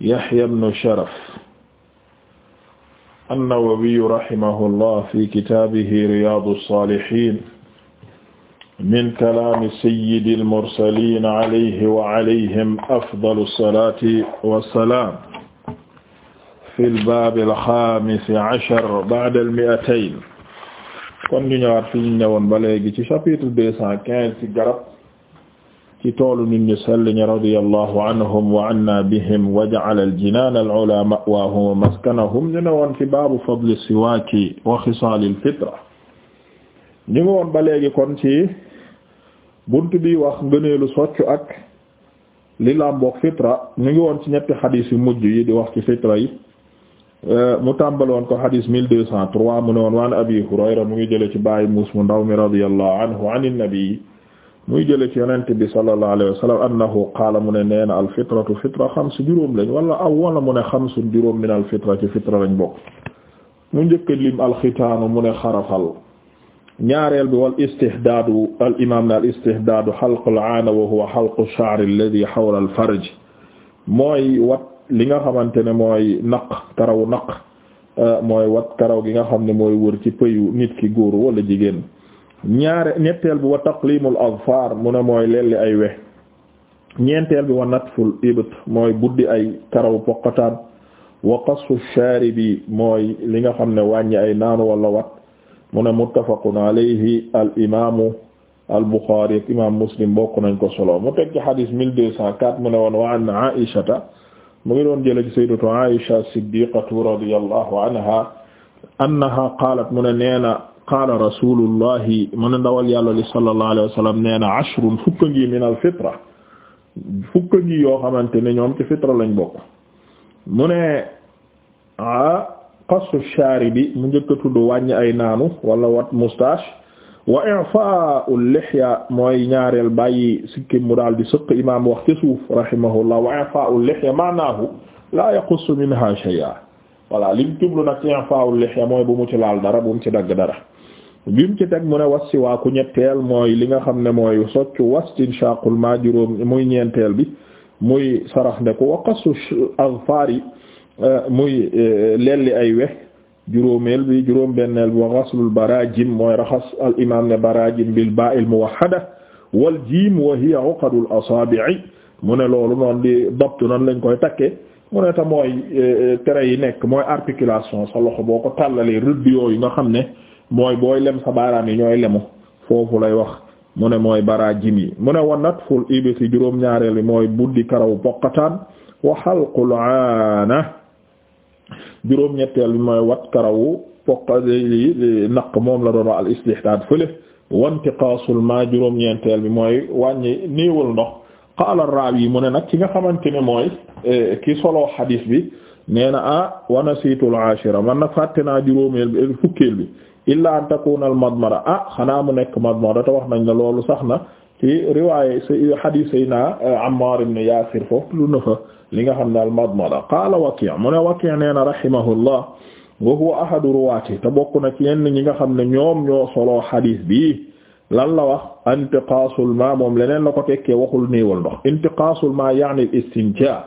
Yahya ibn Sharaf an-Nawawi rahimahullah fi kitaabihi Riyaadu s-Saalihiin min kalaami sayyidil mursaliin alayhi wa alayhim afdalu s-salaati wa s-salaam fil baabil xaamis ashar ba'dal mi'atayn kon ñu ñëwaat fi ñu ñëwoon ba léegi ci chapitre deux cent quinze ci garab ci toolu nit sell ñi radiyallahu anhum wa anna bihim wa ja'ala al-jinaan al-'ulaa ma'waahum wa maskanahum ñu ne woon ci baabu fadli siwaaki wa xisaalil fitra ñu ngi woon ba léegi kon ci bunt bi wax ngëneelu soccu ak li làmboog fitra ñu ngi woon ci ñetti xadiis yu yi di wax ci fitra yi euh, mu tàmbaloon ko xadiis mille deux cent trois mu ne woon abi hurayra mu ngi jële ci bàyyi muus mu ndaw mi radiyallahu anhu an an muy jële ci yonent bi sallallahu alayhi wa sallam annahu qaala mu ne nee na al fitratu fitra xams juróom lañ wala aw wala mu ne xamsun juróom min al fitra ci fitra bokk mu njëkk lim alxitaanu mu ne xarafal ñaareel bi wal istihdaadu al imaam na al istihdaadu xalqul aana wa huwa xalqu sha'r alladhi hawla al farj mooy wat li nga xamante ne mooy naq karaw naq mooy wat karaw gi nga xam ne mooy wër ci pëyu nit ki góor wala jigéen ñaare ñetteel bi wa taqlimul azfar mu ne mooy lelli ay we ñeenteel bi wa natful ibt mooy buddi ay karaw poqataan wa qassu sharibi mooy li nga xam ne wàññi ay naanu wala wat mu ne muttafaqun alayhi al imamu al buxaari ak imam muslim bokk nañ ko solo mu teg ci xadis mille deux cent quatre mu ne woon wa an aishata ngi doon jële ci sayyidatu aisha siddiqatu radiyallahu anha qaalat mu neena qaala rasulullahi mu ne ndawal yàlla li sallallahu alayhi wa sallam nee na ashrun fukka ngi min al fitra fukka ngi yoo xamante ne ñoom ci fitra lañ bokk mu ne a qasu shaaribi mu njëkk a tudd wàññi ay naanu wala wat moustache wa i'faa'u lihya mooy ñaareel bàyyi sikkim mu daal di sëq imaam wax ci suuf rahimahullah wa i'faa'u lihya maanaahu laa yaqussu minha shay'a voilà lim jublu nag i'faa'u lihya mooy bu mu ci laal dara bu mu ci dagg dara bim ci teg mu ne was siwaaku ñetteel mooy li nga xam ne mooy soccu was inshaqul ma juróom muy ñeenteel bi muy sarax ndeku wa qasu azfar yi euh, muy euh, lelli ay wex juróomeel bi juróom benneel bi wa ghaslul barajim mooy raxas al imam ne barajim bil ba'il muwahhada wal jiim wa hiya uqadul asaabi'i mu ne loolu noonu di dabtu nan lañ koy takkee mu ne te mooy euh, tere yi nekk mooy articulation sa loxo boo ko tàllalee rëdd yooyu nga xam ne mooy booy lem sa baaraam ñooy lemu foofu lay wax mu ne mooy baraajim yi mu ne wa natful ibisi juróom ñaareel bi mooy buddi karaw poqataan wa xalqul aana juróom ñetteel bi mooy wat karawu poqa eh, naq moom la doon wax al istihdaad fële wantiqaasul ma juróom ñeenteel bi mooy wàññi néewal ndox qaala raawi mu ne nag ci nga xamante ne mooy eh, ki solo xadis bi nee na ah wa nasiitul aashira man nag fàtte naa juróomeel bi eh, fukkeel bi illa an takuna al madmara ah xanaa mu nekk madmara te wax nañ la loolu sax na ci riwaaya hadith sayna eh, Ammar ibn Yasir foofu lu na fa li nga xam ne al madmara qaala Waki' mu ne Waki' nee na rahimahullah wa huwa ahadu ruwaati te bokk na ci yenn ñi nga xam ne ñoom ñoo soloo hadith bi lan la wax intiqaasul ma moom leneen la ko tekkee waxul néewal ndox intiqaasul ma yaani al istinjaa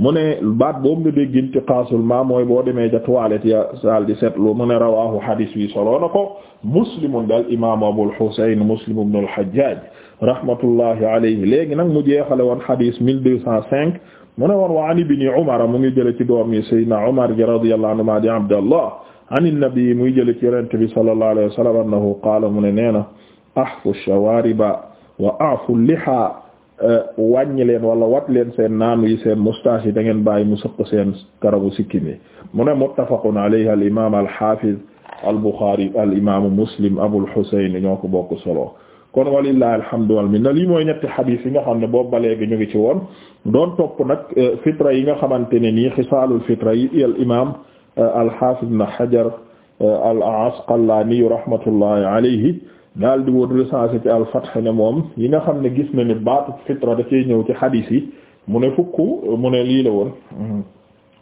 mu ne baat boobu nga dégg intixaasul ma mooy boo demee ja toilette ya sal di seetlu mu ne rawahu hadis wi soloo na ko muslimun daal imaamu abul husayn muslim ibn al hajjaj rahmatullahi alayhi léegi nag mu jeexale woon hadis mille deux cent cinq mu ne woon wa an ibni umar mu ngi jële ci doom yi sayyidina umar ji radiyallahu anhu ma di abdallah an nabi muy jële ci yonent bi sallallahu alayhi wa sallam annahu qaala mu ne nee na ahfu shawariba wa afu liha Euh, wàññi leen wala wat leen seen naanu yi seen moustache yi da ngeen bàyyi mu sëq seen karabu sikkim yi mu ne muttafaqun alayhi al imam al hafiz al bukhari al imam muslim abul husayn ñoo ko bokk solo kon walillahi alhamdu wal minna lii mooy ñetti xadiis yi nga xam ne boobu ba léegi ñu ngi ci woon doon topp nag euh, fitra yi nga xamante ne nii xisaalul fitra yi al imam euh, al hafiz ibn hajar al asqalani rahmatullahi alayhi daal di woon recensé ci al-Fath moom yi nga xam ne gis na ni baatu fitra da cee ñëw ci hadith yi mu ne fukk mu ne lii la woon mhm,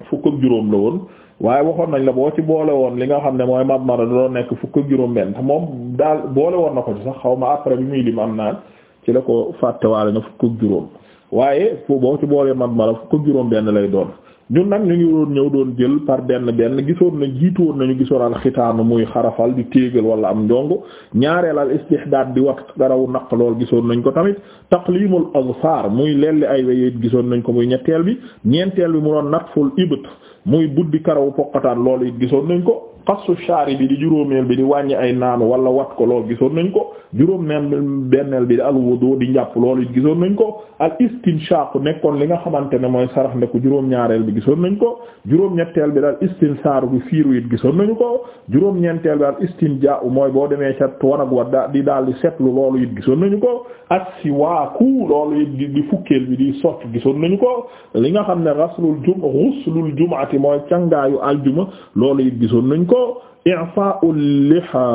fukk juróom la woon waaye waxoon nañ la boo ci boole woon li nga xam ne mooy mabmara da doon nekk fukk ak juróom benn moom daal boole woon na ko ci sax xaw ma après bi muy lim am naan ci la ko fàtte fàttewaale na fukk ak juróom waaye boo ci boolee mabmara fukk ak juróom benn lay doon ñun nag ñu ngi doon ñëw doon jël par benn benn gisoon na woon nañu gisoon al xitaanu muy xarafal di téegal wala am njongo ñaareel al istihdaad di wax garaw naq lool gisoon nañ ko tamit taqlimul azfar muy lelli ay wéyéet gisoon nañ ko muy ñetteel bi ñeenteel bi mu doon natful ibt muy buddi karaw poqataan loolu it gisoon nañ ko xasu shaari bi di juróomeel bi di wàññi ay naanu wala wat ko lool gisoon nañ ko juróom neen benneel bi di al wudu di njàpp loolu gisoon nañ ko al istinshaq nekkoon li nga xamante ne mooy sarax ne juróom-ñaareel bi gisoon nañ ko juróom-ñetteel bi daal istinsaar bu fiiru it gisoon nañu ko juróom-ñeenteel bi daal istinjaa mooy boo demee ca toon ak di daal di setlu loolu it gisoon nañu ko ak si siwaaku loolu it di fukkeel bi di socc gisoon nañu ko li nga xam ne ghuslul jum ghuslul jum'ati mooy cangaayu aljuma loolu it gisoon nañ ko ko i'fa'ul liha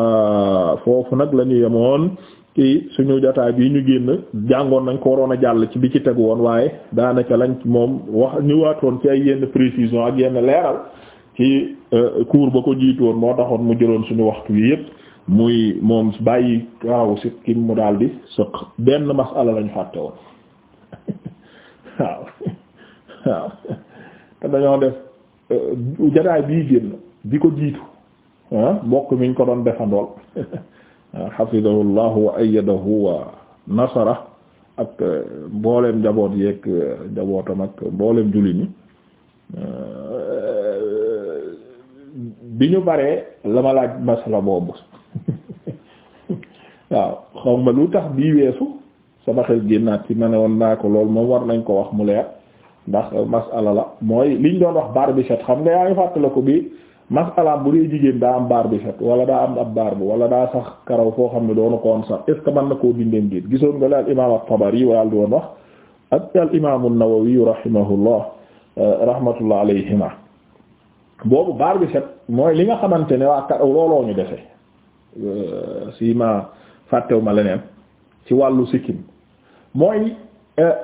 foofu nag la yemoon ci suñu jotaay bii ñu génn jàngoon nañ ko waroon a jàll ci bi ci tegu woon waaye daanaka lañ moom wax ñëwaatoon ci ay yenn précision ak yenn leeral ki euh, cours ba ko jiitu woon moo taxoon mu jëloon suñu waxtu wi yépp muy moom bàyyi waaw si kim mu daal di sëq benn masala lañu fàtte woon waaw waaw te dañoo def euh, jotaay bii génn bi ko jiitu mbokk miñ ko doon defandool hafidahu llahu wa ayyadahu wa nasara ak euh, mbooleem njaboot yeeg euh, njabootam ak mbooleem julli ni euh, bi ñu baree la ma laaj masala boobu waaw xaw ma lu tax bii weesu sama xel génnaat ci ma ne woon naa ko lool moom war nañ ko wax mu leer ndax masala la mooy liñ doon wax barbichette xam nga yaa ngi ko bi masalaam bu dee jigéen daa am baar bi set wala daa am ab baar bi wala daa sax karaw foo xam ne doonu ko woon sax est ce que na koo dindeen géet gisoon nga la al imam at-Tabari walaal di wax ak al imam an-Nawawi rahimahullah euh, rahmatullah boobu baar bi set mooy li nga xamante ne waa karaw looloo ñu defe euh, si ma fàttewu leneen ci wàllu sikkim mooy euh,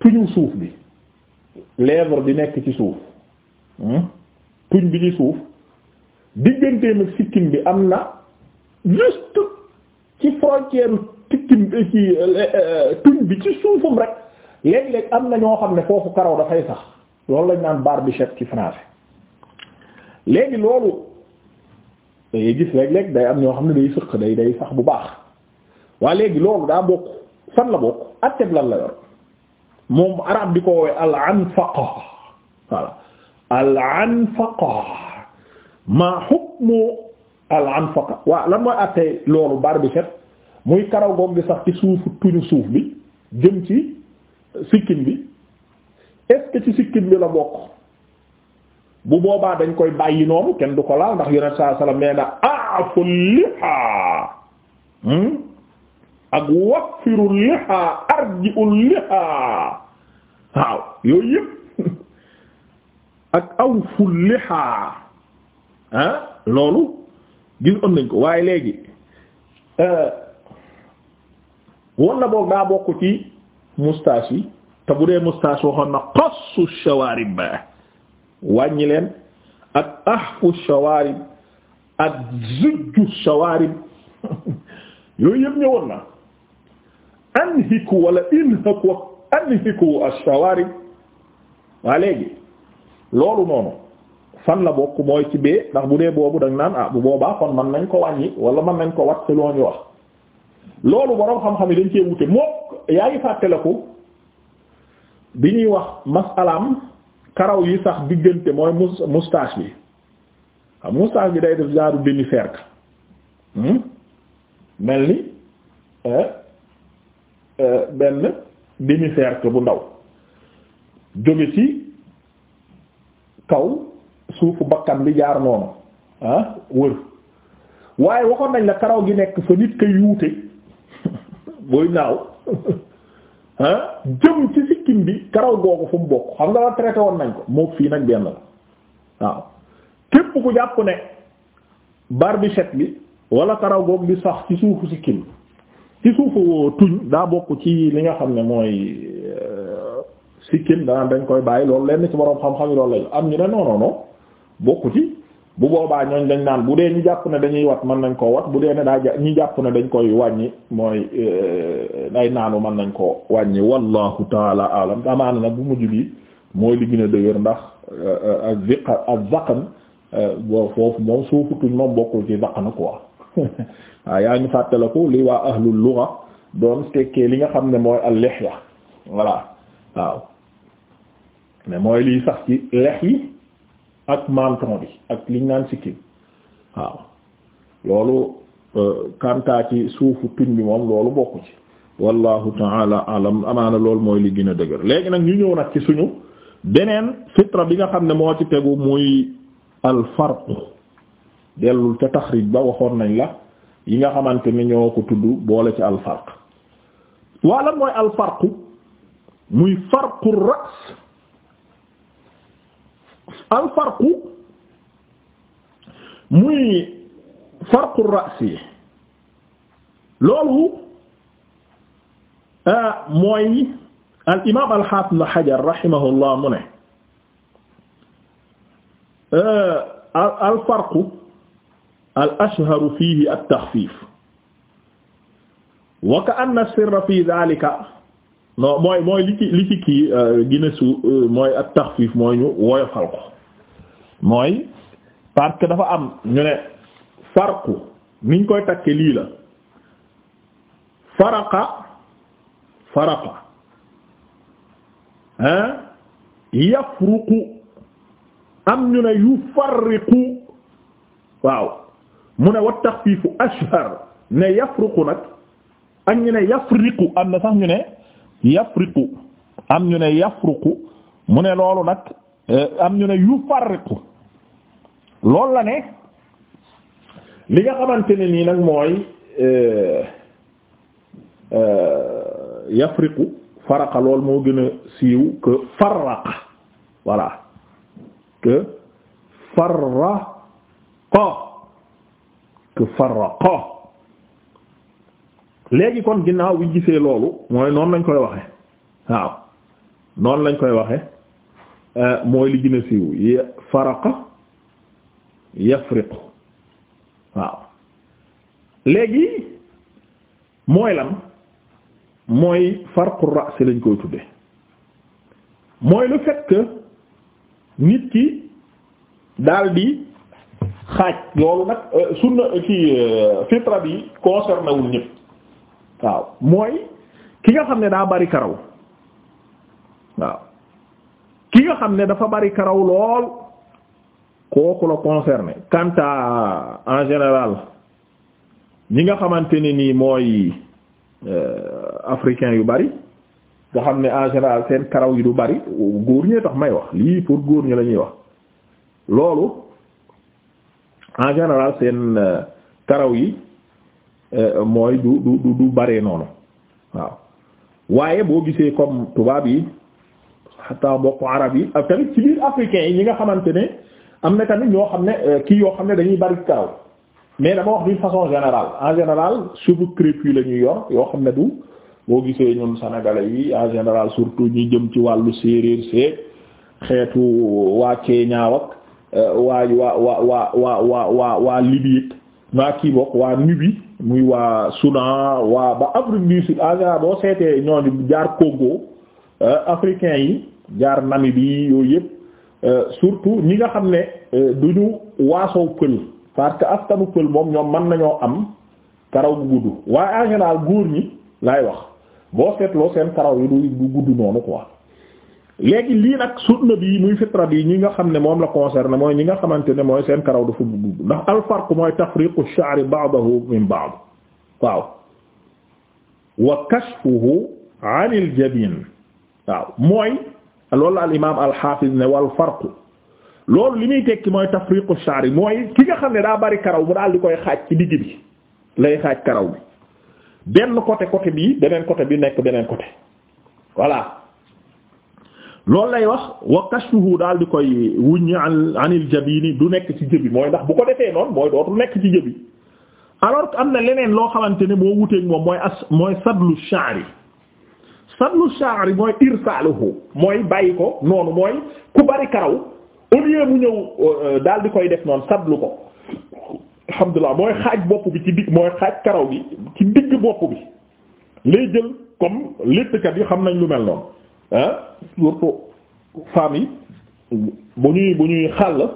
tuñu suuf bi lèvre bi nekk ci suuf hmm? tuñ bi ci suuf digganteem ak sikkim bi am na juste ci frontière euh, tuñ bi ci suufam rek léeg-léeg am na ñoo xam ne foofu karaw dafay sax loolu lañ naan baar barbichette ci français léegi loolu day gis léeg-léeg day am ñoo xam ne day sëq day day sax bu baax waa léegi loolu daa bokk fan la bokk atteb lan la yor moom arab di ko woowee al anfaqa voilà al-anfaqa ma hukmu al-anfaqa waaw lan mooy attey loolu barbichette muy karaw goog gi sax ci suufu tuñu suuf bi jëm ci sikkin bi est-ce que ci sikkim bi la bokk bu boobaa dañ koy bàyyi noonu kenn du ko laal ndax yonent saa sallam nee na aafu liha hmm? ak waffiru liha arji'u liha waaw yooyu yëpp ak aw fullihaa loolu gis on nañ waaye léegi euh, won na boog daa bokk ci bu dee moustache waxoon na qassu shawarib wàññi leen ak ahfu shawarib ak zujju shawarib yooyu yëpp ñëwoon na anhiku wala inhaku anhiku ash-shawarib waa léegi loolu noonu fan la bokk mooy ci bee ndax bu dee boobu da naan ah bu boobaa kon mën nañ ko wàññi wala mën nañ ko wat loo ñu wax loolu boroom xam-xam yi dañ cee wute mook yaa ngi fàttaliku bi ñuy wax masalaam karaw yi sax diggante mooy mus moustache bi xam moustache bi day def genre demi hmm? mel ni euh, euh, benn demi cercle bu ndaw jóge ci kaw suufu bakkan bi jaar noonu ah wër waaye waxoon nañ la karaw gi nekk fa nit ka yuute booy naaw ah jëm ci sikkim bi karaw googu fu mu bokk xam nga la traité woon nañ ko mook fii nag benn la waaw képp ku jàpp ne barbichette bi wala karaw googu bi sax ci suufu sikkim ci suufu tuñ daa bokk ci li nga xam ne mooy sikkim danaan dañ koy bàyyi loolu lenn ci borom xam-xam yi loolu lañ am ñu ne non non bokku ci bu boobaa ñooñ dañ naan bu dee ñu jàpp ne dañuy wat mën nañ koo wat bu dee ne daa ja ñu jàpp ne dañ koy wàññi mooy euh, ay naanu mën nañ koo wàññi wallahu taala alam amaana nag bu mujj bi mooy li gën a dëgër ndax ak euh, euh, ziq ak zaqan boo foofu moom suufu tuñ moom bokkul ci zaqan quoi waaw yaa ngi fàttaliku li waa ahlul lugha doon tekkee li nga xam ne mooy al lihya mais mooy liy sax ci lex yi ak menton bi ak liñ naan sikkim waaw loolu kantaa euh, ci suufu tuñ bi moom loolu bokk ci wallahu taala alam amaana loolu mooy li gën a dëgër léegi nag ñu ñëw nag ci suñu beneen fitra bi nga xam ne moo ci tegu muy al farqu dellul ca taxrij ba waxoon nañ la yi nga xamante ni ñoo ko tudd boole ci al farq wala mooy al muy farqu ras al farqu muy farqu ra'si loolu ah, mooy al imaam al haafiz ibn hajar rahimahullah mu ne ah, al farqu al ashharu fiihi at taxfiif wa ka'anna as-sirra fii dhaalika non mooy mooy li ci li ci kii ah, gina su mooy at taxfiif mooy ñu woyofal ko. mooy parce que dafa am ñu ne farqu niñ koy takke lii la faraqa faraqa hein yafruqu am ñu ne yufarriqu waaw mu ne wa taxfiifu ashhar ne yafruqu nag ak ñu ne yafriqu am na sax ñu ne yafriqu am ñu ne yafruqu mu ne loolu nag eh, am ñu ne yufarriqu loolu la ne li nga xamante ne nii nag mooy euh, euh, yafriqu faraqa lool moo gën a siiw que farraqa voilà que farraqa que farraqa léegi kon ginnaaw bi gisee loolu mooy noonu lañ koy waxe waaw noonu lañ koy waxe euh, mooy li gën a siiw faraqa yafriqu waaw léegi mooy lan mooy farqu ra's lañ koy tudde mooy lu fait que nit ki daldi xaaj loolu nag euh, sunna ci euh, euh, fitra bi concerné wul waaw mooy ki nga xam ne daa bari karaw waaw ki nga xam ne dafa bari karaw lool kooku la concerné quant en général ñi nga xamante ne nii mooy euh, africain yu bari nga xam ne en général seen karaw yi du bari góor ñee tax may wax lii pour góor ñi la ñuy wax loolu en général seen euh, karaw yi euh, mooy du du du du baree noonu waaw waaye boo gisee comme tubaab yi xataa mbokku arab yi ak tamit biir africain yi ñi nga xamante ne am na tamit ñoo xam ne euh, kii yoo xam ne dañuy bari karaw mais dama wax d'une façon générale en général cheveux crépus la ñuy yor yoo xam ne du boo gisee ñun sénégalais yi en général surtout ñi jëm ci wàllu séeréer seeg xeetu euh, waa Kenya ak euh, waa waa waa waa waa waa waa Libye waa kii waa Nubi muy waa Soudan waa ba Afrique du Sud en boo seetee ñooñu jaar Congo africain yi jaar Namibie yooyu yëpp. Euh, surtout ñi nga xam ne euh, duñu waasoo pël parce que askanu pël moom ñoom mën nañoo am karaw bu gudd waaye en góor ñi laay wax boo seetloo seen karaw yi du gudd noonu quoi léegi lii nag sunna bi muy fitra bi ñi nga xam ne moom la concerne mooy ñi nga xamante ne mooy seen karaw dafa gudd ndax alfarq mooy tafriqu sha'ri ba'dahu min ba'd waaw wa kashfuhu 'anil jabin waaw mooy loolu la al imaam al xaafiz ne wal farqu loolu li muy tekki mooy tafriqu sha'r mooy ki nga xam ne daa bari karaw bu daal di koy xaaj ci digg bi lay xaaj karaw bi benn côté côté bii beneen côté bi nekk beneen côté voilà loolu lay wax wa kashfuhu daal di koy wuññi an anil jabini du nekk ci jëbi mooy ndax bu ko defee noonu mooy dootul nekk ci jëbi alors que am na leneen loo xamante ne moo wuteeg moom mooy as mooy sadlu sha'r sannu sha'ri mooy irsaaluhu mooy bàyyi ko noonu mooy ku bari karaw au lieu mu ñëw euh, daal di koy def noonu sadlu ko alhamdulilah mooy xaaj bopp bi ci digg mooy xaaj karaw bi ci digg bopp bi lay jël comme léttkat yi xam nañ lu mel noonu ah surtout femmes yi bu ñuy bu ñuy xàll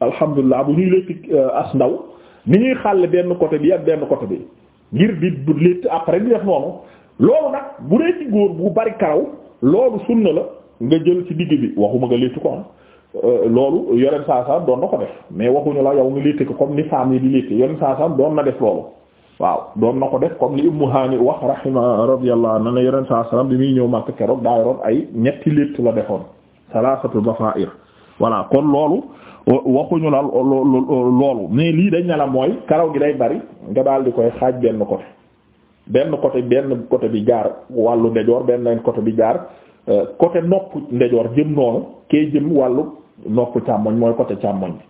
alhamdulilah bu ñuy létti euh, as ndaw ni ñuy xàll benn côté bi ak benn côté bi ngir di létt après di def noonu loolu nag bu dee ci góor bu bari karaw loolu sunna la nga jël ci digg bi waxuma nga léttu ko ah euh, loolu yoneen saa saa doon na ko def mais waxuñu la yow nga létt ko comme ni femme di létt yoneen saa doon na def loolu waaw doon na ko def comme li Ummu Hani wax rahima radiyallahu anha ne yoneen saa saa bi muy ñëw Makka keroog daa yoroon ay ñetti létt la defoon salaasatu bafaa'ir voilà kon loolu waxuñu la loolu mais lii dañ ne la mooy karaw gi day bari nga daal di koy xaaj benn côté. benn côté benn côté bi jaar wàllu ndejoor benn côté bi jaar euh, côté nopp ndejoor jëm noonu kee jëm wàllu nopp càmmoñ mooy côté càmmoñ bi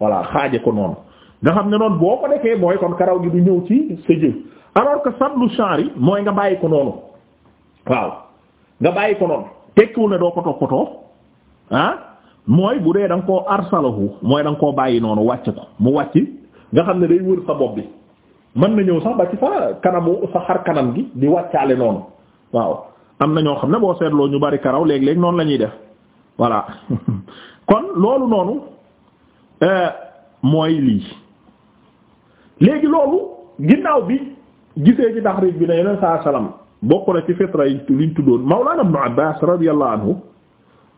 voilà xaaje ko noonu nga xam ne noonu boo ko defee mooy kon karaw gi du ñëw ci sa jëf alors que sablu chanri mooy nga bàyyi ko noonu waaw nga bàyyi ko noonu tekkiwul ne doo ko toppatoo ah mooy bu dee da ko koo arsalahu mooy da ko bàyyi noonu wàcc ko mu wàcc nga xam ne day wër sa bopp bi mën na ñëw sax ba ci sa kanamu sa xar kanam gi di wàccaale noonu waaw am na ñoo xam ne boo seetloo ñu bari karaw léeg-léeg noonu la ñuy def voilà kon loolu noonu euh, mooy lii léegi loolu ginnaaw bi gisee ci taxriij bi ne yeneen saa salaam bokk na ci fitra yi liñ tuddoon Mawlaana Ibnu Abbaas radiyallahu anhu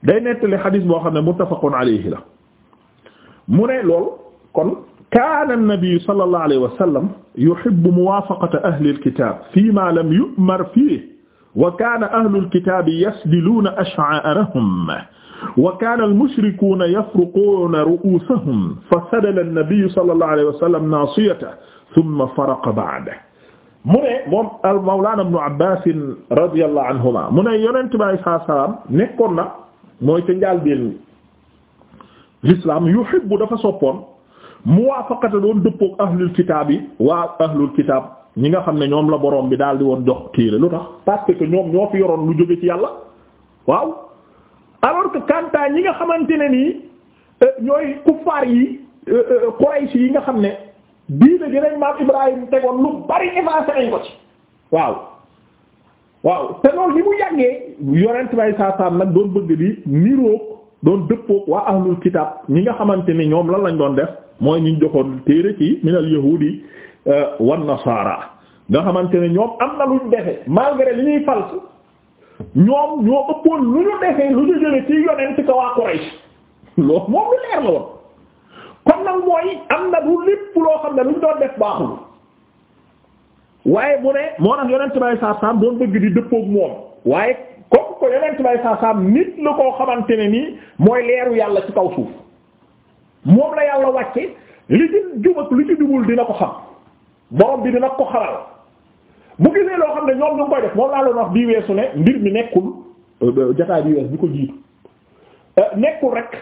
day nettali xadiis boo xam ne muttafaqun alayhi la mu ne lool kon kaana an-nabi sallallahu alayhi wa sallam yuhibbu muwaafaqata ahlil kitaab fiimaa lam yu'mar fiihi wa kaana ahlul kitaabi yasdiluuna ash'aarahum wa kaana al-mushrikuuna yafruquuna ru'uusahum fasadala an-nabiyyu sallallahu alayhi wa sallam naasiyatahu thumma faraqa ba'dahu mu ne moom al-mawlaana ibnu Abbaas radiyallahu anhumaa mu ne yonent bi alayhi salaatu wa salaam nekkoon na mooy ca njàlbéen l'islam yuhibbu dafa soppoon mu muwaafaqata doon dëppook ahlul kitaab yi waa ahlul kitaab ñi nga xam ne ñoom la borom bi daal di woon jox téere lu tax parce que ñoom ñoo fi yoroon lu jóge ci yàlla waaw alors que kanta ñi nga xamante ne nii euh, ñooy kuffaar yi euh, euh, Quraysh yi nga xam ne diina jëneñ maam Ibrahim tegoon lu bari effacé ko ci waaw waaw te loolu li mu yàggee yonent bay saasaam nag doon bëgg di niroog doon dëppoog waa ahlul kitaab ñi nga xamante ni ñoom lan lañ doon def mooy ñu joxoon téere ci minal yahudi euh, wan nasaara nga xamante ne ñoom am na luñ defe malgré li ñuy fals ñoom ñoo ëppoon lu ñu defee lu ñu jële ci yonent ka waa Quraysh loolu moom lu leer la woon kon nag mooy am na du lépp loo xam ne lu ñu doon def baaxul waaye mu ne moo tax yonent bay saasaam doon bëgg di dëppook moom waaye comme ko yonent bay saasaam nit la ko xamante ne nii mooy leeru yàlla ci kaw suuf moom la yàlla wàcce li ci jub li ci jubul dina ko xam borom bi dina ko xaral bu gisee loo xam ne ñoom du nga koy def moom laa doon wax bii weesu ne mbir mi nekkul euh, jataay bii wees bi ko jiitu euh, nekkul rek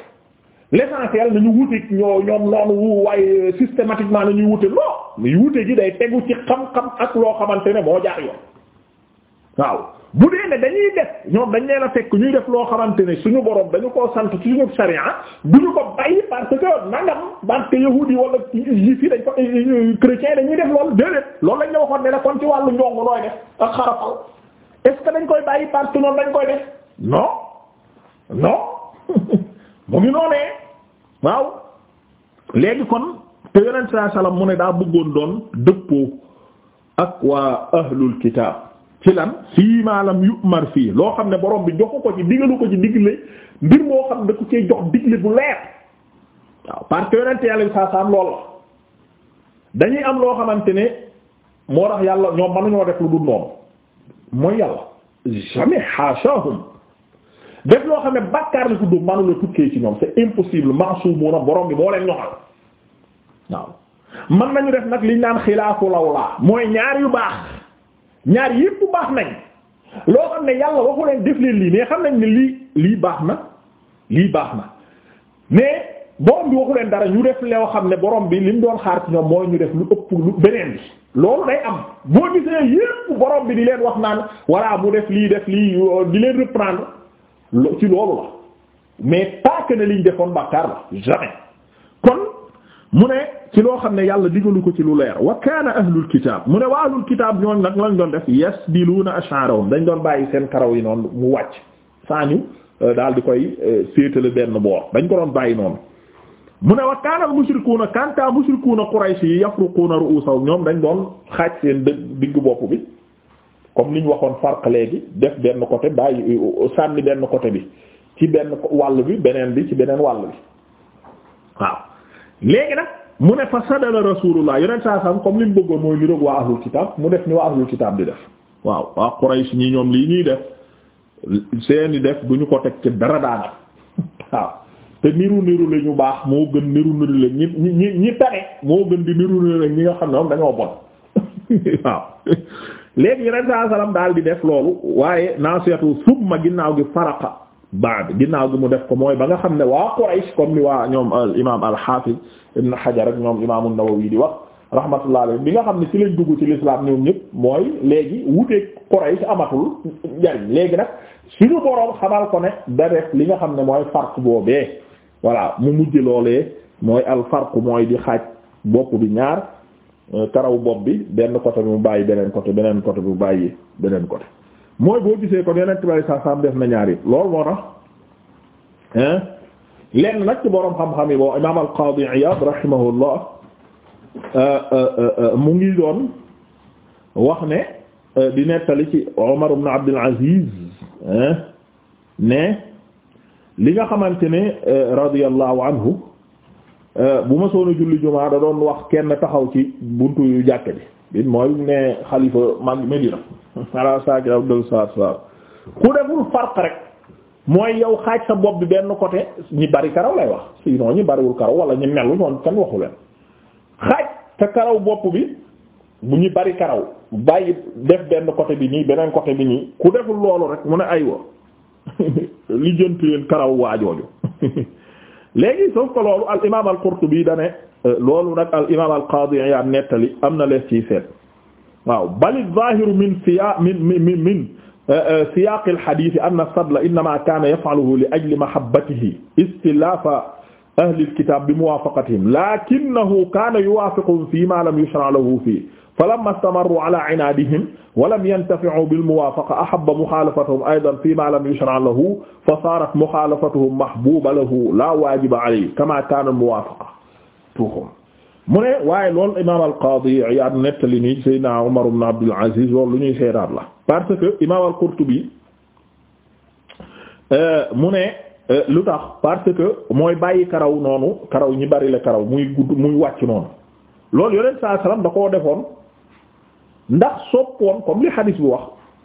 l'essentiel nañu wuteeg ñoo ñoom noonu waaye systématiquement nañuy wute loo wute gi day tegu ci xam-xam ak loo xamante ne moo jaar yoon waaw bu dee ne dañuy def ñoom dañ leen a fekk ñuy def loo xamante ne suñu borom dañu koo sant ci suñu sariya du ñu ko bàyyi parce que nangam parce que yahuud yi wala juif yi dañ ko chrétien dañuy def loolu déedéet loolu lañ la waxoon ne la kon ci wàllu njong looy def ak xarafal est-ce que dañ koy bàyyi parce que noonu dañ koy def non non mu ngi noonee waaw léegi kon te yonent saa salaam mu ne daa bëggoon doon dëppoo ak waa ahlul kitaab ci fii maa lam yu'mar fii loo xam ne borom bi joxu ko ci digalu ko ci digle mbir moo xam da ko cee jox digle bu leer waaw parce que yonent yàlla bi saa saam lool la dañuy am loo xamante ne moo tax yàlla ñoom mënuñoo def lu dul noonu mooy yàlla jamais haashahum def loo xam ne bàkkaar la tudd mënu la tukkee ci ñoom c'est impossible ma'suumuuna borom bi moo leen ñoxal waaw mën nañu def nag liñ naan xilaafu lawlaa mooy ñaar yu baax ñaar yépp baax nañ loo xam ne yàlla waxu leen def leen lii mais xam nañ ne lii lii baax na lii baax na mais borom bi waxu leen dara ñu def loo xam ne borom bi li mu doon xaar ci ñoom mooy ñu def lu ëpp lu beneen bi loolu day am boo gisee yépp borom bi di leen wax naan walla mu def lii def lii di leen reprendre ci loolu la mais pas que ne liñ defoon bàkkaar la jamais mu ne ci loo xam ne yàlla digalu ko ci lu leer wa kaana ahlul kitaab mu ne waa ahlul kitaab ñooñ nag lañ doon def yasdiluuna ash'arahum dañ doon bàyyi seen karaw yi noonu mu wàcc saa ñu euh, daal di koy euh, féetale benn boor dañ ko doon bàyyi noonu mu ne wa kaana al mushrikuuna kanta mushrikuuna quraysh yi yafruquuna ru'uusahum ñoom dañ doon xaaj seen dëgg diggu bopp bi comme niñ waxoon farq léegi def benn côté bàyyi euh, sànni benn côté bi ci benn wàll bi beneen bi ci beneen wàll léegi nag mu ne fa sadala rasulullah yonent saa sam comme li mu bëggoon mooy li roog waa mu def ni waa ahlul kitab di def waaw waa Quraysh ñi ñoom lii ñuy def seeni def bu ñu ko teg ci dara daanam waaw te niru niru la baax moo gën niru niru la ñi ñi ñi tane moo gën di niru niru la ñi nga xam ne oom dañoo bon waaw léegi yonent saa salaam daal di def loolu waaye naa seetu summa ginnaaw gi faraqa ba'd ginnaaw gi mu def ko mooy ba nga xam ne waa Quraysh comme ni waa ñoom al imaam al-Hafiz Ibn Hajar ak ñoom imaam an-Nawawi di wax rahmatullah alayhi bi nga xam ne ci lañ dugg ci l'islam ñoom ñëpp mooy léegi wuteeg Quraysh amatul njariñ léegi nag suñu boroom xamal ko ne da def li nga xam ne mooy farq boobee voilà mu mujj loolee mooy al farq mooy di xaaj bokk bi ñaar euh, karaw bopp bi benn côté bi mu bàyyi beneen côté beneen côté bi mu bàyyi beneen côté. mooy boo gisee kon yeneen tubaab yi saa saam def na ñaari loolu moo tax lenn nag ci boroom xam-xam yi boo imaam al-Qaadi Iyaad rahimahullah euh, euh, euh, mu ngi doon wax ne di nettali ci Umar ibn Abdul Aziz ne li nga xamante ne radiyallahu anhu bu ma soona julli jumaa da doon wax kenn taxaw ci buntu yu jàkk bi bi mooy ne xalifa mag Medina ala saaki abdul saat saat ku deful farq rek mooy yow xaaj sa bopp bi benn côté ñi bari karaw lay wax sinon ñi bariwul karaw wala ñi melu noonu kenn waxu leen xaaj sa karaw bopp bi bu ñu bari karaw bàyyi def benn côté bi nii beneen côté bi nii ku deful loolu rek mu ne aywa li jënt leen karaw waajooju léegi sauf que loolu al imaam al Qurtubi da ne euh, loolu nag al imaam al Qaadi Iyaad nettali am na lees ciy seet waaw bal az-zaahiru min siyaaq min min min euh, euh, siyaaq al-hadiis anna as-sadla innamaa kaana yaf'aluhu li ajli mahabbatihi istilaafa ahli al-kitaab bi muwaafaqatihim laakinnahu kaana yuwaafiquhum fiimaa lam yushra' lahu fiihi falamma istamarru ala inaadihim wa lam yantafi'u bil muwaafaqa ahabba muxaalafatahum aydan fiimaa lam yushra' lahu fa saarat muxaalafatuhum mahbuuba lahu laa waajiba alayhi kamaa kaana muwaafaqatuhum mu ne waaye loolu imaam al-Qaadi Iyaad nettali nii Seydina Umar ibn Abdul Aziz loolu lu ñuy seetaat la parce que imaam al-Qurtubi euh, mu ne euh, lu tax parce que mooy bàyyi karaw noonu karaw ñi bari la karaw muy gudd muy wàcc noonu loolu yonent saa salaam da koo defoon. ndax soppoon comme li xadis bi wax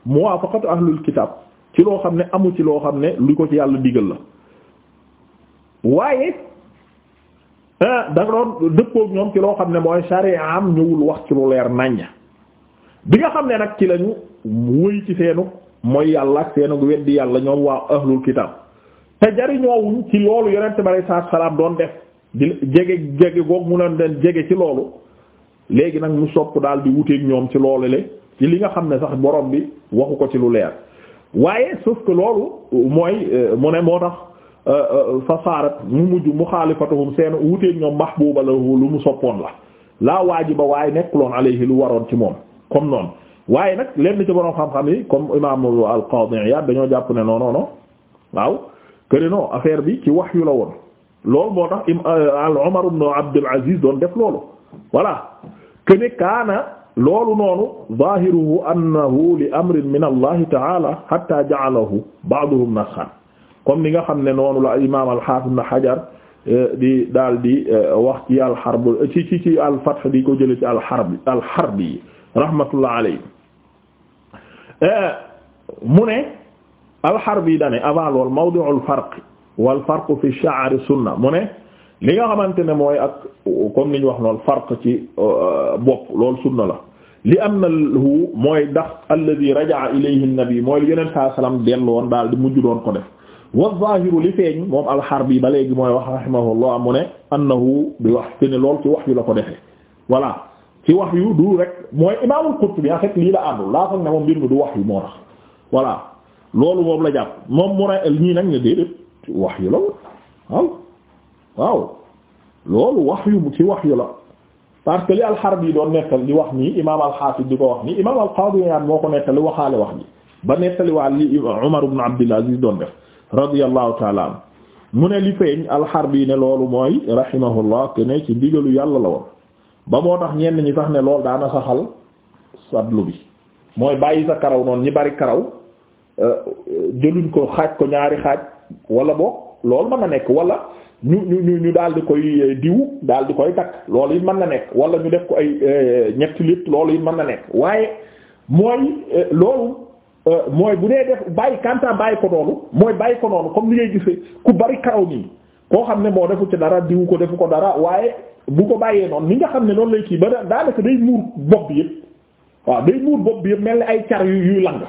mu waa muwaafaqatu ahlul kitab ci loo xam ne amul ci loo xam ne lu ko ci yàlla digal la waaye ah, da nga doon dëppook ñoom ci loo xam ne mooy sharia am ñëwul wax ci lu leer naññ bi nga xam ne nag ci lañu wëy ci seenu mooy yàlla ak seenu weddi yàlla ñoom waa ahlul kitab te jariñoowuñ ci loolu yonent bi sallallahu alayhi wasallam doon def di jege jege goog mu leen den ci loolu léegi nag mu sopp daal di wuteeg ñoom ci loolu le ci li nga xam ne sax boroom bi waxu ko ci lu leer waaye sauf que loolu mooy euh, mu ne moo tax euh, euh, fa saarat mu mujj mu xaalifatuhum seen wuteeg ñoom mahbuba lahu lu mu soppoon la laa waajiba waaye nekkuloon alayhi lu waroon ci moom comme noonu waaye nag lenn ci borom xam-xam yi comme imam al-Qadi Iyad dañoo jàpp ne non non waaw que non affaire bi ci wax yu la woon loolu moo tax al Umar ibn Abdul Aziz ne kaana loolu noonu zahiruhu annahu li amrin min allahi taala hatta ja'alahu ba'duhum nasxan comme ni nga xam ne noonu la imam al-hafiz ibn hajar eh, di daal di eh, wax ci al-harb ci ci ci al-fath di ko jële ci al-harb al-harbi rahmatullah alayhi eh, mu ne al-harbi dane avant loolu mawdi'u al-farq wal-farq fi sha'r sunna mu ne li nga xamante ne mooy ak comme li ñu wax noonu farq ci euh, bopp loolu sunna la li am na hu mooy ndax alladi rajaa ilayhi nabi mooy li yeneen saa salaam woon daal di mujj doon ko def wa li feeñ moom alxarbi ba léegi mooy wax rahimahullah mu ne annahu bi wax te ne lool ci la ko defee voilà ci wax yu du rek mooy imaamul Qurtubi en fait lii la àndul laa foog du wax yu moo tax voilà loolu moom la jàpp moom mu ne ñii nag ne déedéet wax yu la waaw waaw loolu wax yu ci wax yu la parce que li alxarbi yi doon nettal di wax nii imaam alxaafis di ko wax nii imaam alqaadi Iyaad moo ko nettali waxaale wax ji ba nettali waa li Umar doon def radiyallahu taala anhu mu ne li feeñ alxarbi ne loolu mooy rahimahullah que ne ci ndigalu yàlla la woon ba moo tax ñenn ñi tax ne loolu daana saxal sadlu bi mooy bàyyi sa karaw noonu ñi bari karaw euh, jëluñ ko xaaj ko ñaari xaaj wala boog loolu mën a nekk wala ñu ñu ñu daal di koy eh, diw daal di koy takk loolu it man na nekk wala ñu def ko ay eh, ñetti litre loolu it man na nekk waaye mooy eh, loolu mooy bu dee def bàyyi kantaa bàyyi ko noonu mooy bàyyi ko noonu comme ni ngay gisee ku bari karaw nii koo xam ne moo defu ci dara diwu ko defu ko dara waaye bu ko bàyyee noonu ni nga xam ne noonu lay kii ba daanaka day muur bopp bi yëpp waaw day muur bopp bi yëpp mel ni ay car yu yuy lang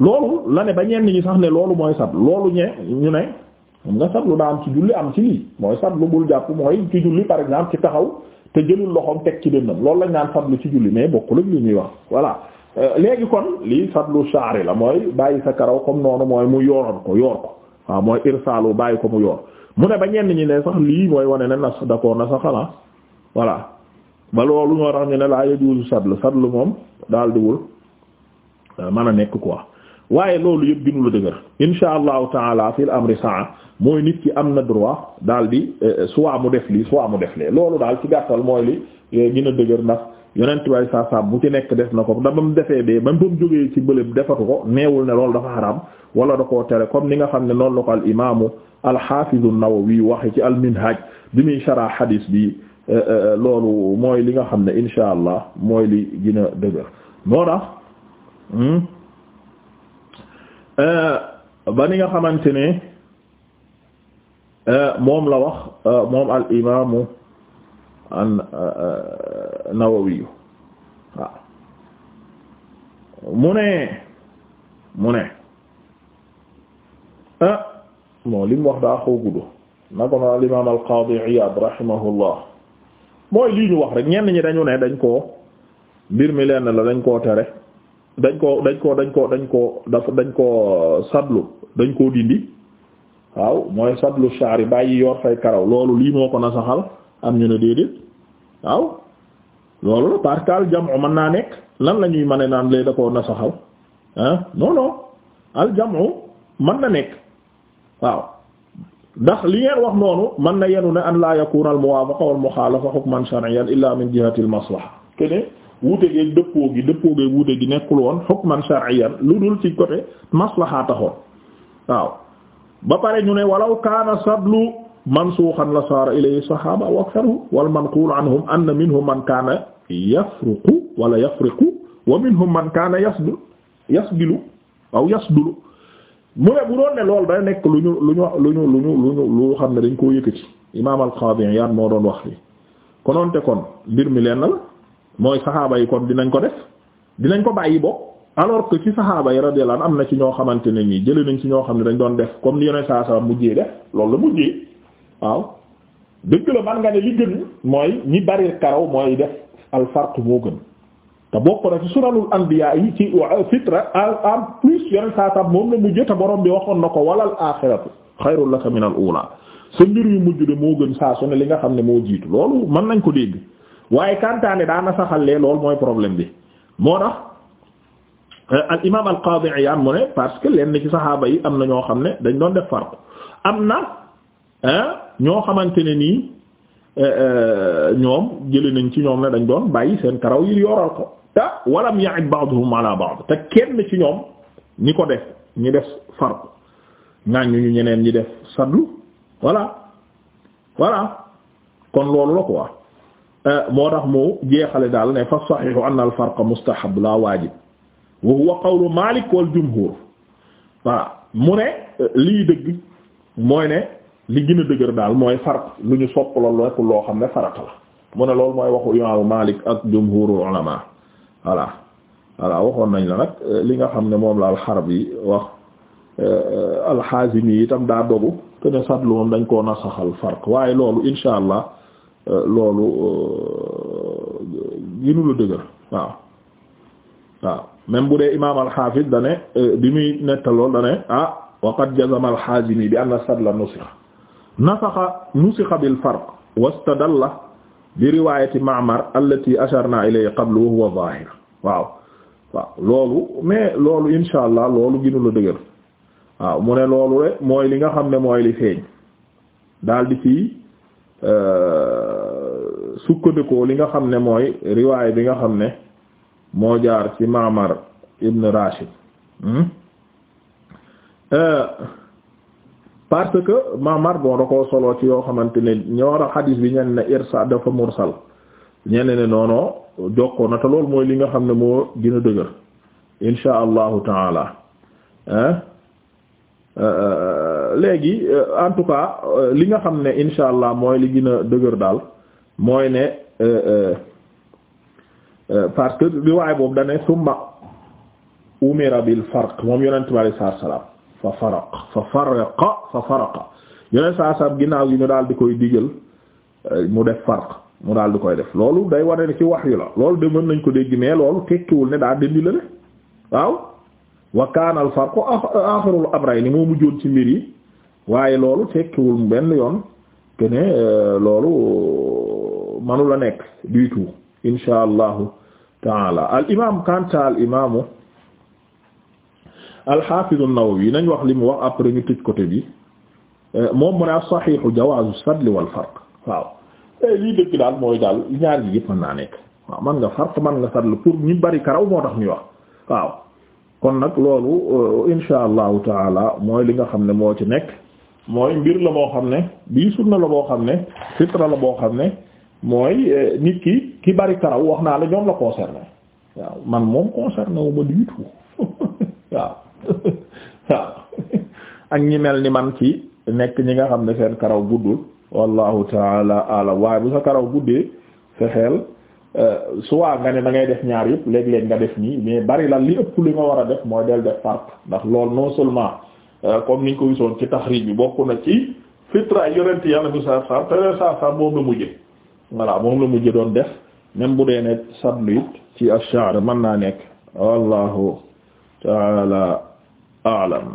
loolu la ne ba ñenn yi sax ne loolu mooy sab loolu ñe ñu ne mun nga satlu daa am ci julli am ci lii mooy satlu bul jàpp mooy ci julli par exemple ci taxaw te jëlul loxoom teg ci dënnam loolu lañ naan satlu ci julli mais bokkul ak li ñuy wax voilà euh, léegi kon lii satlu sha'ri la mooy bàyyi sa karaw comme noonu mooy mu yoroon ko yor ko mooy irsaalu bàyyi ko mu yor mu ne ba ñenn ñi ne sax lii mooy wane ne nas d'accord na sa xala voilà ba loolu ñoo tax ñu ne laa yajuuzu satlu satlu moom daal diwul euh, mën a nekk quoi waaye loolu yëpp gënu la dëgër insha allahu taala fil amri saa mooy nit ki am na droit daal di eh, eh, soit mu def lii soit mu def lee loolu daal ci gàttal mooy li eh, gën a dëgër ndax yonent way saa saa bu ci nekk def na ko da ba mu defee bee ba mu jógee ci bële defatu ko neewul ne loolu dafa xaraam wala da koo tere comme ni nga xam ne noonu la ko al imaamu alxaafizu Nawawi waxe ci al minhaj bi muy shara hadis bi loolu mooy li nga xam ne insha allah mooy li gin a dëgër moo tax hmm, ba ni nga xamante ne moom la wax euh, moom al imaamu an euh, nawawiyu mu ne mu ne ah bon li mu wax daa xaw gudd na ko al imaam al qaadi Iyaad rahimahullah mooy lii ñu wax rek ñenn ñi dañu ne dañ koo mbir mi lenn la dañ ko tere dañ koo dañ koo dañ koo dañ dañ koo euh, sadlu dañ ko dindi waaw mooy sadlu shaari bàyyi yor fay karaw loolu lii moo ko na am ñu ne déedéet waaw loolu la parce que aljamu mën naa nekk lan la ñuy mën a naan lay da koo nasaxal ah non non aljamu mën na nekk waaw ndax li ngeen wax noonu man na yenu ne an la yakuna al muwafaqa wal mukhalafa hukman shar'iyyan illa min jihati al maslaha kene wuute gi dëppoo gi dëppoo gi wuute gi nekkul woon hukman shar'iyyan lu dul ci côté maslaha taxoon waaw ba pare ñu ne walaw kaana sadlu mansuuxan la saara ilayhi saxaaba wa aktaru wal manquul anhum anna minhum man kaana yafruqu wala yafriqu wa minhum man kaana yasdu yasbilu aw yasdulu mu ne bu doon ne loolu day nekk lu ñu lu ñu lu ñu lu ñu lu xam ne dañ koo yëkkati imaam al-Qaadi Iyaad moo doon wax li konoonte kon mbir mi lenn la mooy saxaaba yi kon dinañ ko def dinañ ko bàyyi bopp alors que ci saxaaba yi am na ci ñoo xamante ne nii jëlee nañ ci ñoo xam ne dañ doon def comme ni yoneen saa saa mujjee def loolu la mujjee waaw dëgg la man nga ne li gën mooy ñi bari karaw mooy def al farq moo gën te bokk na ci sunanul anbiya yi ci fitra en plus yoneen saa saa moom la mujjee te borom bi waxoon na ko walal axiratu xayrul laka minal uula sa mbir yu mujj de moo gën saa su ne li nga xam ne moo jiitu loolu mën nañ ko d waaye kantaane daana saxalee loolu mooy problème bi Euh, al imaam al qaadi Iyaad mu ne parce que lenn ci saxaaba yi am na ñoo xam ne dañ doon def farq am na ñoo xamante ne nii euh, euh, ñoom jëlee nañ ci ñoom ne dañ doon bàyyi seen karaw yi yoral ko te walam ya'ib ba'duhum ala ba'd te ci ñoom ñi ko def ñi def farq ñu ñeneen ñi def saddu voilà voilà kon loolu la quoi moo tax mu jeexale daal ne fa saxiixu anna al farqa mustahab la waajib wa huwa qawlu Malik wal jumhur voilà mu ne euh, lii dëgg mooy ne li gën a dëgër daal mooy farat lu ñu sopp la lekk loo xam ne farata la mu ne loolu mooy waxu imaamu Malik ak jumhurul ulama voilà voilà waxoon nañ la nag euh, li nga xam ne moom la al euh, yi wax al-Hazimi itam daa dogu te ne satlu moom dañ koo nasaxal farq waaye loolu insha allah loolu gënu dëgër waaw même bu dee imaam al-Hafiz da euh, bi muy nettalool da ne ah wa qad jazama al-Hazimi bi anna sadla nusikha nafaxa nusikha bil farq wastadalla bi riwaayati Ma'mar allati asharna ilayhi qablu waaw loolu mais loolu insha loolu gënu la dëgër waaw mu ne loolu rek mooy li nga xam ne mooy li feeñ daal di ci euh, sukkandikoo li nga xam ne mooy riwaay bi nga xam ne moo jaar ci Ma'mar ibn Rashid hmm? euh, parce que Ma'mar bon da koo solo ci yoo xamante ne ñoo a xadiis bi ñenn ne irsa dafa mursal ñenn ne noono jokkoo na te loolu mooy li nga xam ne moo gën a dëgër insha allahu taala euh, euh, léegi en tout cas li nga xam ne insha allah mooy li gën a dëgër daal mooy ne Euh, parce que riwaay boobu dane summa umira bil moom yonent bi alayhi salaatu salaam fa faraq fa faraqa fa faraqa yonent saa saam ginnaaw yi ñu daal di koy digal euh, mu def farq mu daal di koy def loolu day wane ne ci wax yu la loolu de mën nañ ko dégg mais loolu tekkiwul ne daa dindi la ne waaw wa kaana al farqu aaxirul amrayni moo mujjoon ci mbir yi waaye loolu tekkiwul benn yoon que ne euh, loolu manu nekk du tout insha allahu taala al imam kanta al imamu alhafidu an nañ wax li mu wax après ñu tëj côté bi euh, moom mu ne as-sahihu jawaazu sadli wal farq waaw tey eh, lii dëgg daal mooy daal ñaar yi yëpp mën naa nekk waaw man nga farq man nga sadl pour ñu bari karaw moo tax ñuy wax waaw kon nag loolu euh, insha allahu taala mooy li nga xam ne moo ci nekk mooy mbir la boo xam ne bii sunna la boo xam ne fitra la boo xam ne mooy euh, nit ki ki bari karaw wax naa la ñoom la concerné waaw man moom concerné wu ma du tout waaw ak ñi mel ni man ci nekk ñi nga xam ne seen karaw guddul wallahu taala alam waaye bu sa karaw guddee fexeel euh, soit nga ne da ngay def ñaar yëpp léeg-léeg nga def nii mais bari la li ëpp li nga war a def mooy del def part ndax loolu non seulement euh, comme niñ ko gisoon ci taxriij bi bokk na ci fitra yonent yàlla bi saa saa te saa saa moom la voilà moom la mujj doon def même bu dee ne sablu ci ash-sha'r mën naa nekk wallahu taala a'lam